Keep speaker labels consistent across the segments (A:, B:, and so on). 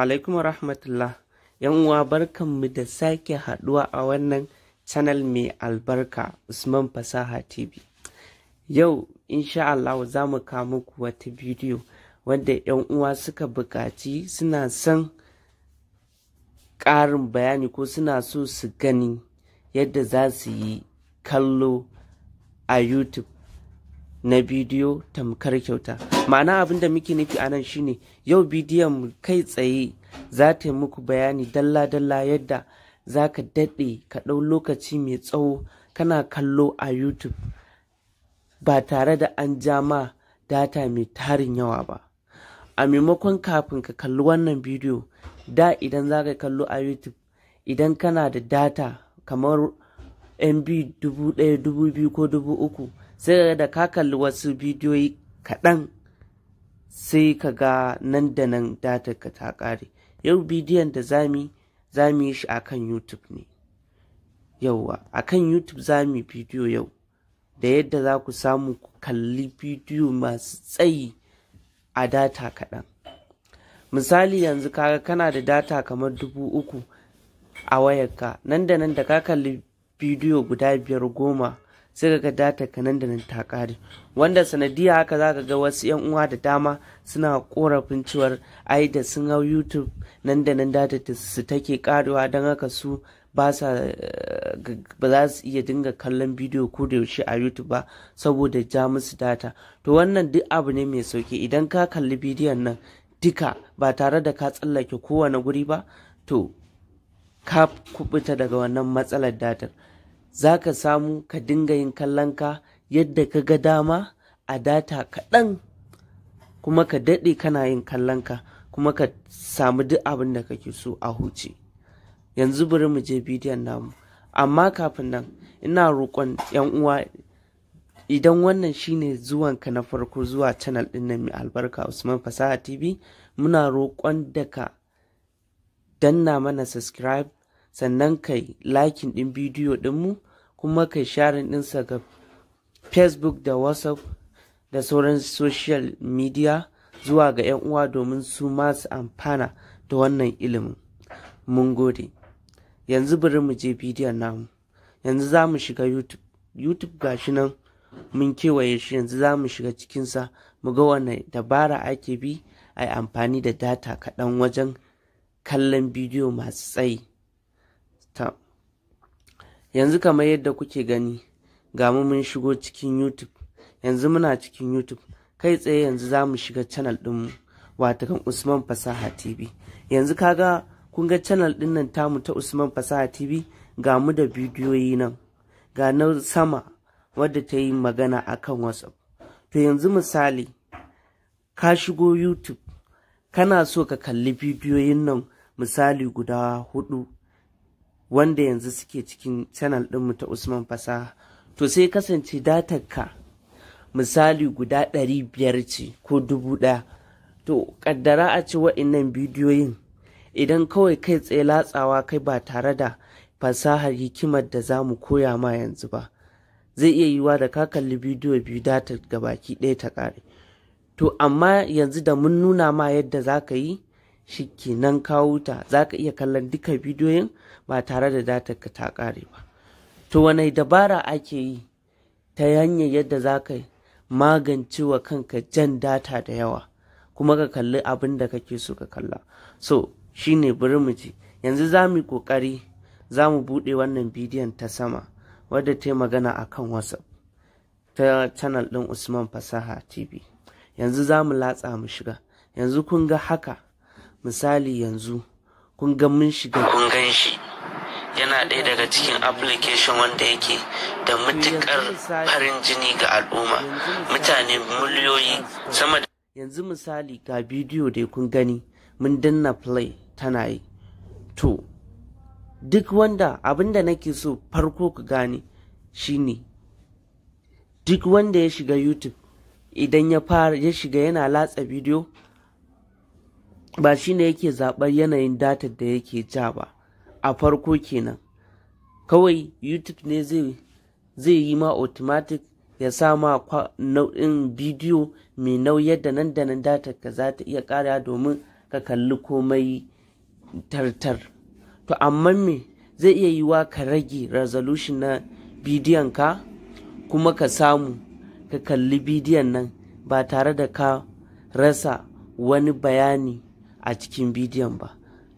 A: alaikum rahmatullah yan uwa barkanmu da sake haduwa a wannan channel mai albarka usman fasaha tv yau insha Allah za mu ka muku wata bidiyo wanda yan uwa suka buƙaci suna son ƙarin bayani ko suna so su gani yadda za su yi kallo a youtube na bidiyo tamkar kyauta ma'ana abin da muke nufi anan shine yau bidiyon kai tsaye za ta yi muku bayani dalla-dalla yadda za ka daɗe ka ɗau lokaci mai tsawo kana kallo a youtube ba tare da an ja ma data mai tarin yawa ba a maimakon kafin ka kalli wannan bidiyo da idan za ka kallo a youtube idan kana da data kamar mb dubu ɗaya dubu biyu ko dubu uku sai da ka kalli wasu bidiyoyi kaɗan sai ka ga nan da nan datarka ta ƙare yau bidiyon da zami zami yi shi kan youtube ne yauwa kan youtube zami bidiyo yau da yadda za ku samu kalli bidiyo masu tsayi a data kaɗan misali yanzu kaga kana da data kamar dubu uku a wayarka nan da nan da ka kalli bidiyo guda biyar goma sai ga data kanan da nan ta kare wanda sanadiya haka za ka ga wasu yan uwa da dama suna korafin cewar ai da sun hau youtube nan da nan data su take karewa don haka su ba sa eh, ba za su iya dinga kallon bidiyo ko da yaushe a youtube ba saboda ja musu data to wannan duk abu ne mai sauki idan ka kalli bidiyon nan duka ba tare da ka tsallake kowane guri ba to ka kubuta daga wannan matsalar datar za ka samu ka dinga yin kallon ka yadda ka ga dama a data kaɗan kuma ka daɗe kana yin kallon ka kuma ka samu duk abin da kake so a huce yanzu bari mu je bidiyon namu amma kafin nan ina roƙon 'yan uwa idan wannan shine zuwanka na farko zuwa channel ɗin nan mai albarka usman fasaha tv muna roƙon da ka danna mana subscribe sannan kai likin ɗin bidiyo ɗinmu kuma kai sharin ɗinsa ga facebook da whatsapp da sauran social media zuwa ga 'yan uwa domin su masu amfana da wannan ilimin mun gode yanzu bari mu je bidiyon namu yanzu za mu shiga youtube youtube gashi nan mun kewaye shi yanzu za mu shiga cikinsa mu ga wannan dabara ake bi a yi amfani da data kaɗan wajen kallon bidiyo masu tsayi yanzu kamar yadda kuke gani ga mu mun shigo cikin youtube yanzu muna cikin youtube kai tsaye yanzu za mu shiga channel wato kan usman fasaha tv yanzu kaga kun ga channel ɗin nan tamu ta usman fasaha tv ga mu da bidiyoyi nan ga na sama wadda ta yi magana akan whatsapp to yanzu misali ka shigo youtube kana so ka kalli bidiyoyin nan misali guda hudu wanda yanzu suke cikin channel ɗinmu ta Usman Fasaha to sai kasance datarka misali guda ɗari biyar ce ko dubu ɗaya to ƙaddara a ce wa'innan bidiyoyin idan kawai kai tsaye latsawa kai ba tare da fasahar hikimar da za mu koya ma yanzu ba zai iya yiwa da ka kalli bidiyo biyu data ga baki ɗaya ta ƙare to amma yanzu da mun nuna ma yadda za ka yi shi kenan kawo ta za ka iya kallon duka bidiyoyin ba tare da data ka ta ƙare ba to wane dabara ake yi ta hanyar yadda za ka magance wa kanka jan data da yawa kuma ka kalli abin da kake so ka kalla so shine bari mu ji yanzu za mu yi ƙoƙari za mu buɗe wannan bidiyon ta sama wadda ta yi magana a kan whatsapp ta channel ɗin usman fasaha tv yanzu za mu latsa mu shiga yanzu kun ga haka misali yanzu kun ga mun shiga kun gan shi yana ɗaya daga cikin application wanda yake da matuƙar farin jini ga al'umma mutane miliyoyi sama da yanzu misali ga bidiyo da kun gani mun danna play tana yi to duk wanda abinda nake so farko ku gane shine duk wanda ya shiga youtube idan ya fara ya shiga yana latsa bidiyo ba shi ne yake zaɓar yanayin datar da yake ja ba a farko kenan kawai youtube ne zai yi ma automatic ya sa ma nau'in bidiyo mai nauyar da nan da nan datar ka za ta iya ƙara domin ka kalli komai tartar to amma me zai iya yi wa ka rage resolution na bidiyon ka kuma ka samu ka kalli bidiyon nan ba tare da ka rasa wani bayani a cikin bidiyon ba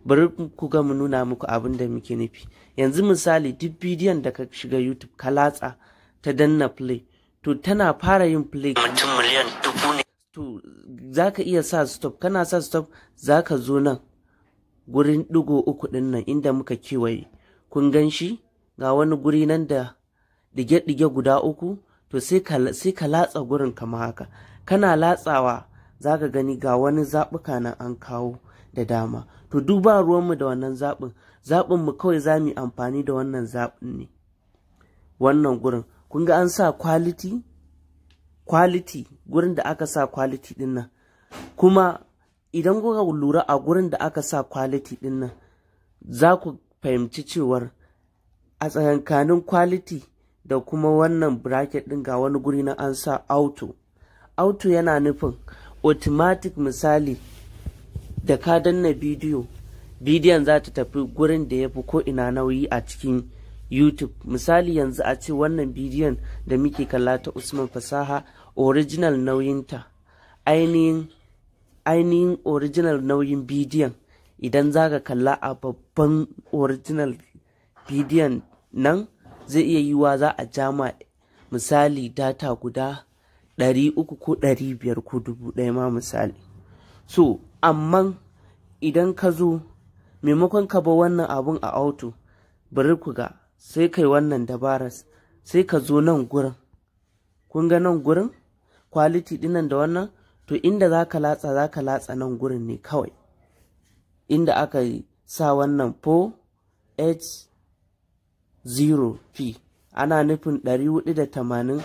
A: bari ku ga mu nuna muku abin da muke nufi yanzu misali duk bidiyon da ka shiga youtube ka latsa ta danna play to tana fara yin play mutum miliyan dubu ne to za ka iya sa stop kana sa stop za ka zo nan gurin digo uku din nan inda muka kewaye kun gan shi ga wani guri nan da dige-dige guda uku to sai ka latsa gurin kama haka kana latsawa za ka gani ga wani zaɓuka nan an kawo da dama to duba ruwanmu da wannan zaɓin zaɓin mu kawai za mu amfani da wannan zaɓin ne wannan gurin kun ga an sa quality quality gurin da aka sa quality din nan kuma idan kuka lura a gurin da aka sa quality din nan za ku fahimci cewar a tsakankanin kwaliti da kuma wannan bracket din ga wani guri na an sa auto auto yana nufin automatic misali da ka danna bidiyo bidiyon za ta tafi gurin da ya fi ko ina nauyi a cikin youtube misali yanzu a ce wannan bidiyon da muke kalla ta usman fasaha original nauyinta ainihin ainihin original nauyin bidiyon idan za ka kalla a babban original bidiyon nan zai iya yiwa za a jama misali data guda ɗari uku ko ɗari biyar ko dubu ɗaya ma misali so amma idan ka zo maimakon ka ba wannan abun a auto bari ku ga sai kai wannan dabaras sai ka zo nan gurin kun ga nan gurin kwaliti dinnan da wannan to inda za ka latsa za ka latsa nan gurin ne kawai inda aka yi sa wannan 4h0p ana nufin 480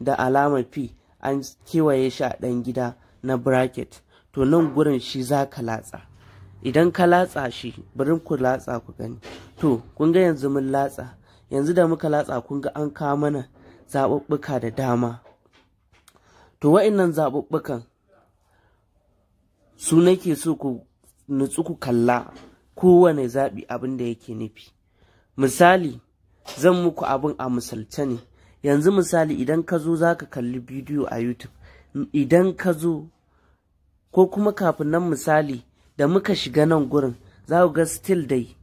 A: da alamar p an kewaye shi a ɗan gida na bracket to nan gurin shi za ka latsa idan ka latsa shi bari ku latsa ku gani to kun ga yanzu mun latsa yanzu da muka latsa kun ga an kawo mana zaɓuɓɓuka da dama to wa'innan zaɓuɓɓukan su nake so ku nutsu ku kalla kowane zaɓi abin da yake nufi misali zan muku abin a misalce ne yanzu misali idan ka zo za ka kalli bidiyo a youtube idan ka zo ko kuma kafin nan misali da muka shiga nan gurin za ku ga still dai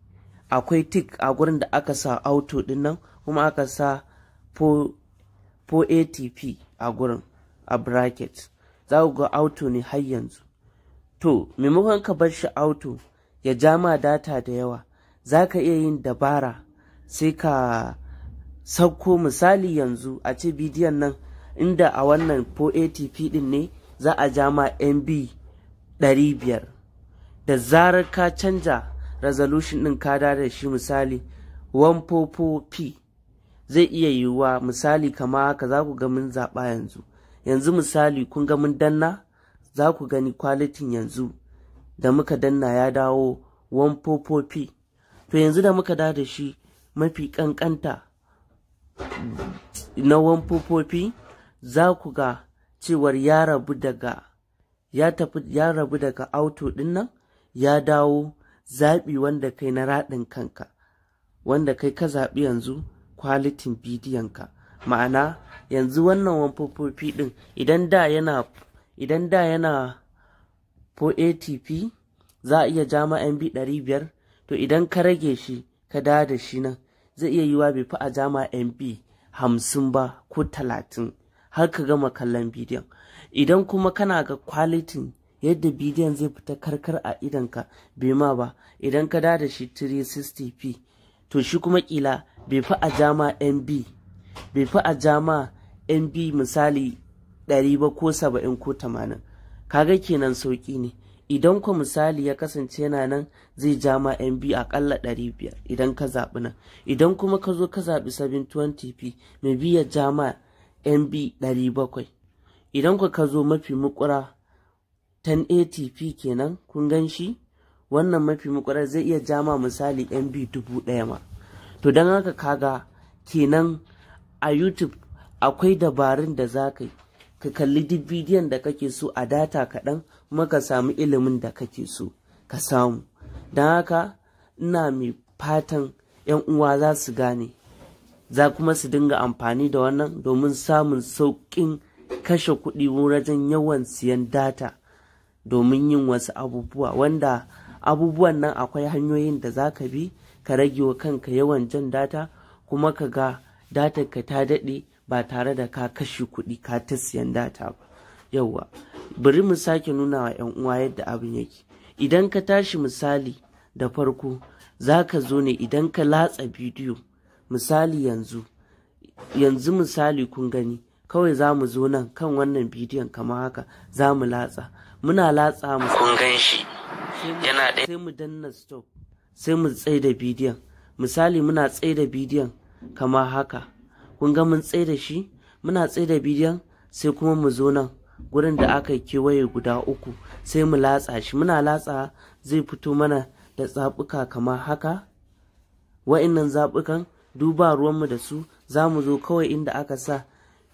A: akwai tik a gurin da aka sa auto din nan kuma aka sa 4ATP a gurin a bracket za ku ga auto ne har yanzu to maimakon ka bar shi auto ya ja ma data da yawa za ka iya yin dabara sai ka sauko misali yanzu a ce bidiyon nan inda a wannan 480p din ne za a ja ma mb 500 da zarar ka canja resolution din ka da shi misali 144p zai iya yiwuwa misali kama haka za ku ga mun zaɓa yanzu yanzu misali kun ga mun danna za ku gani kwalitin yanzu da muka danna ya dawo 144p to yanzu da muka da da shi mafi kankanta na wamfofofi za ku ga cewar ya rabu daga ya rabu daga auto dinnan, ya dawo zaɓi wanda kai na raɗin kanka wanda kai ka zaɓi yanzu kwalitin bidiyonka ma'ana yanzu wannan wamfofofi ɗin idan da yana idan da yana 480p za a iya jama'an biyu mb 500 to idan ka rage shi ka da da shi nan zai iya yiwa bai fi a jama mb hamsin ba ko talatin har ka gama kallon bidiyon idan kuma kana ga kwalitin yadda bidiyon zai fita karkar a idanka bai ma ba idan ka da da shi 360p to shi kuma kila bai fi a jama mb bai fi a jama mb misali 100 ba ko 70 ko 80 kaga kenan sauki ne idan ku misali ya kasance yana nan zai ja ma yan biyu akalla ɗari biyar idan ka zaɓi nan idan kuma ka zo ka zaɓi 720p mai biya ya ja ma yan biyu ɗari bakwai idan ku ka zo mafi mukura 1080p kenan kun gan shi wannan mafi mukura zai iya ja ma misali yan biyu dubu ɗaya ma to don haka kaga kenan a youtube akwai dabarun da za ka yi ka kalli duk bidiyon da kake so a data kaɗan maka samu ilimin da kake so ka samu don haka ina mai fatan 'yan uwa za su gane za kuma su dinga amfani da wannan domin samun sauƙin kashe kuɗi wajen yawan siyan data domin yin wasu abubuwa wanda abubuwan nan akwai hanyoyin da za ka bi ka rage wa kanka yawan jan data kuma ka ga datar ka ta daɗe ba tare da ka kashe kuɗi ka ta siyan data ba yauwa bari mu sake nuna wa 'yan uwa yadda abin yake idan ka tashi misali da farko za ka zo ne idan ka latsa bidiyo misali yanzu yanzu misali kun gani kawai za mu zo nan kan wannan bidiyon kama haka za mu latsa muna latsa mu kun gan shi yana da sai mu danna stop sai mu tsaye da bidiyon misali muna tsaye da bidiyon kama haka kun ga mun tsaye da shi muna tsaye da bidiyon sai kuma mu zo nan gurin da aka yi kewaye guda uku sai mu latsa shi muna latsa zai fito mana da tsabuka kamar haka wa'innan zabukan duba ruwanmu da su za mu zo kawai inda aka sa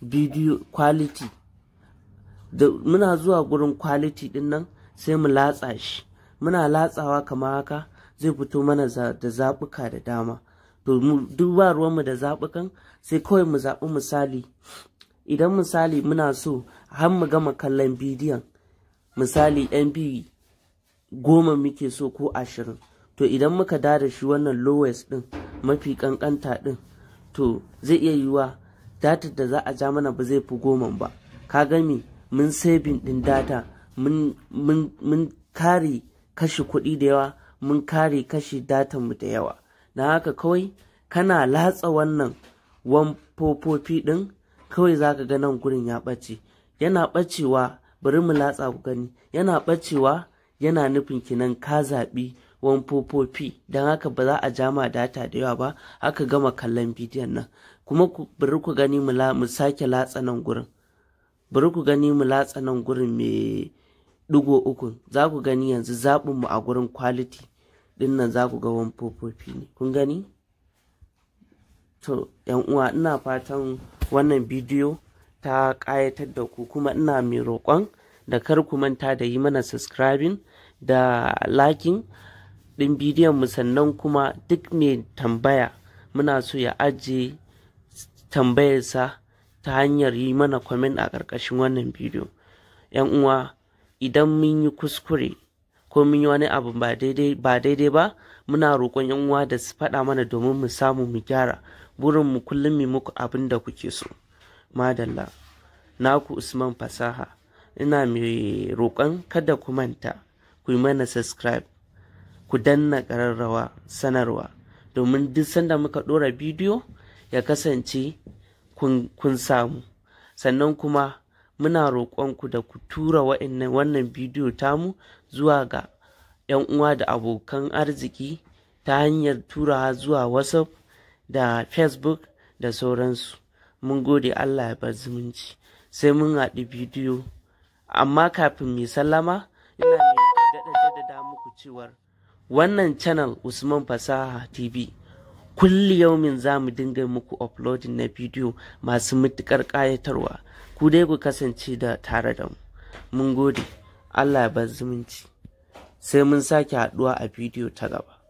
A: bidiyo quality da muna zuwa gurin quality din nan sai mu latsa shi muna latsawa kamar haka zai fito mana da zabuka da dama to duba ruwanmu da zabukan sai kawai mu zaɓi misali idan misali muna so har mu gama kallon bidiyon misali mb goma muke so ko ashirin to idan muka dada shi wannan lowest din mafi kankanta din to zai iya yiwa data da za a ja mana ba zai fi goma ba ka gami mun saving din data mun kare kashe kuɗi da yawa mun kare kashe mu da yawa na haka kawai kana latsa wannan wamfofofi ɗin kawai za ka ga nan gurin ya ɓace yana ɓacewa bari mu latsa ku gani yana ɓacewa yana nufin kinan ka zaɓi 144 don haka ba za a jama data da yawa ba haka gama kallon bidiyon nan kuma bari ku gani mu sake latsa nan gurin bari ku gani mu latsa nan gurin mai ɗigo uku za ku gani yanzu zaɓin mu a gurin kwaliti din nan za ku ga 144 ne kun gani to yan uwa ina fatan wannan bidiyo ta ƙayatar da ku kuma ina mai roƙon da kar ku manta da yi mana subscribing da liking ɗin bidiyon mu sannan kuma duk mai tambaya muna so ya ajiye tambayarsa ta hanyar yi mana comment a ƙarƙashin wannan bidiyo yan uwa idan mun yi kuskure ko mun yi wani abu ba daidai ba muna roƙon yan uwa da su faɗa mana domin mu samu mu gyara burin mu kullum mu muku abin da kuke so madalla naku usman fasaha ina mai roƙon kada ku manta ku yi mana subscribe ku danna ƙararrawa sanarwa domin duk sanda muka ɗora bidiyo ya kasance kun samu sannan kuma muna roƙonku da ku tura wannan bidiyo tamu zuwa ga 'yan uwa da abokan arziki ta hanyar turawa zuwa whatsapp da facebook da sauransu mun gode allah ya bar zumunci sai mun haɗu bidiyo amma kafin mai sallama ina mai daɗa jaddada muku cewar wannan channel usman fasaha tv kulli yaumin za mu dinga muku uploading na bidiyo masu matuƙar ƙayatarwa ku dai ku kasance da tare da mu mun gode allah ya bar zumunci sai mun sake haɗuwa a bidiyo ta gaba